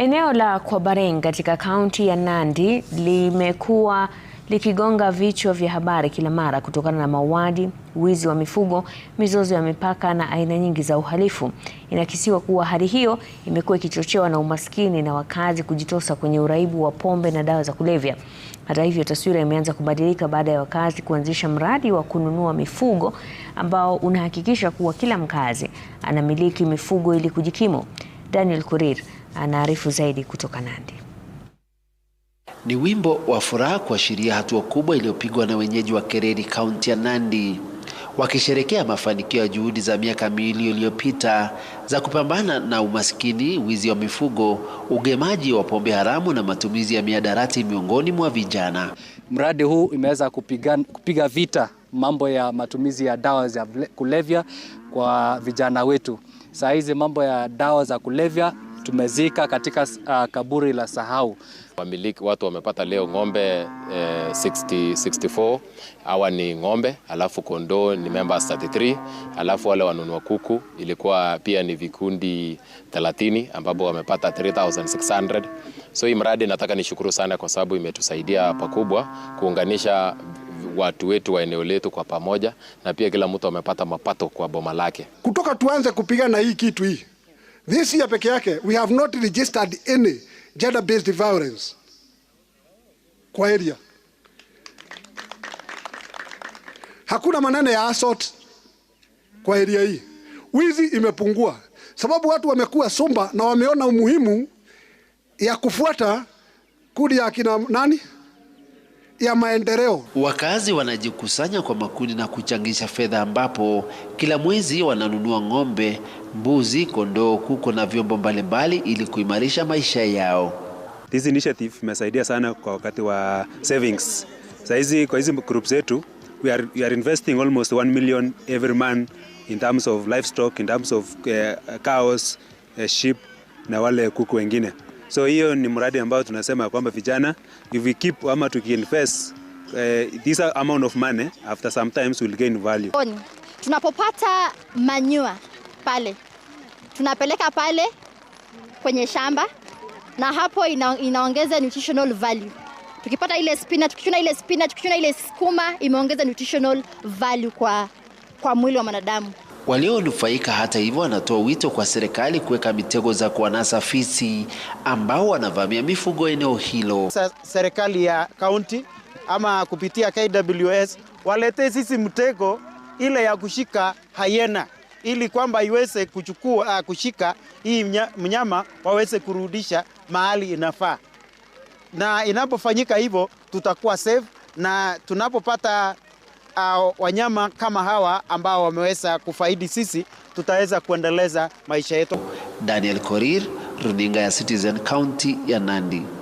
Eneo la Kwabareng katika kaunti ya Nandi limekuwa likigonga vichwa vya habari kila mara kutokana na mauaji, wizi wa mifugo, mizozo ya mipaka na aina nyingi za uhalifu. Inakisiwa kuwa hali hiyo imekuwa ikichochewa na umaskini na wakazi kujitosa kwenye uraibu wa pombe na dawa za kulevya. Hata hivyo, taswira imeanza kubadilika baada ya wakazi kuanzisha mradi wa kununua mifugo ambao unahakikisha kuwa kila mkazi anamiliki mifugo ili kujikimu. Daniel Kurir anaarifu zaidi kutoka Nandi. Ni wimbo wa furaha kuashiria hatua kubwa iliyopigwa na wenyeji wa Kereri, kaunti ya Nandi, wakisherekea mafanikio ya juhudi za miaka miwili iliyopita za kupambana na umaskini, wizi wa mifugo, ugemaji wa pombe haramu na matumizi ya miadarati miongoni mwa vijana. Mradi huu imeweza kupiga vita mambo ya matumizi ya dawa za kulevya kwa vijana wetu. Saa hizi mambo ya dawa za kulevya tumezika katika uh, kaburi la sahau. Wamiliki watu wamepata leo ng'ombe eh, 60, 64 hawa ni ng'ombe, alafu kondoo ni members 33, alafu wale wanunua kuku ilikuwa pia ni vikundi 30 ambapo wamepata 3600. So hii mradi nataka nishukuru sana kwa sababu imetusaidia pakubwa kuunganisha watu wetu wa eneo letu kwa pamoja, na pia kila mtu amepata mapato kwa boma lake. Kutoka tuanze kupigana hii kitu hii This year peke yake we have not registered any gender based violence kwa area. Hakuna maneno ya assault kwa area hii. Wizi imepungua sababu watu wamekuwa sumba na wameona umuhimu ya kufuata kundi ya kina nani ya maendeleo. Wakazi wanajikusanya kwa makundi na kuchangisha fedha, ambapo kila mwezi wananunua ng'ombe, mbuzi, kondoo, kuko na vyombo mbalimbali ili kuimarisha maisha yao. This initiative imesaidia sana kwa wakati wa savings. Saizi kwa hizi group zetu we are, we are investing almost 1 million every month in terms of livestock, in terms of uh, cows, uh, sheep na wale kuku wengine. So hiyo ni mradi ambao tunasema kwamba vijana, if we keep ama tukiinvest uh, eh, this amount of money after some times will gain value. Oni, Tunapopata manure pale tunapeleka pale kwenye shamba na hapo ina, inaongeza nutritional value. Tukipata ile spinach, tukichuna ile spinach, tukichuna ile sukuma imeongeza nutritional value kwa, kwa mwili wa mwanadamu. Walionufaika hata hivyo, wanatoa wito kwa serikali kuweka mitego za kuwanasa fisi ambao wanavamia mifugo eneo hilo. Serikali ya kaunti ama kupitia KWS waletee sisi mtego ile ya kushika hayena ili kwamba iweze kuchukua ah, kushika hii mnyama waweze kurudisha mahali inafaa, na inapofanyika hivyo tutakuwa safe, na tunapopata uh, wanyama kama hawa ambao wameweza kufaidi sisi, tutaweza kuendeleza maisha yetu. Daniel Korir, runinga ya Citizen, kaunti ya Nandi.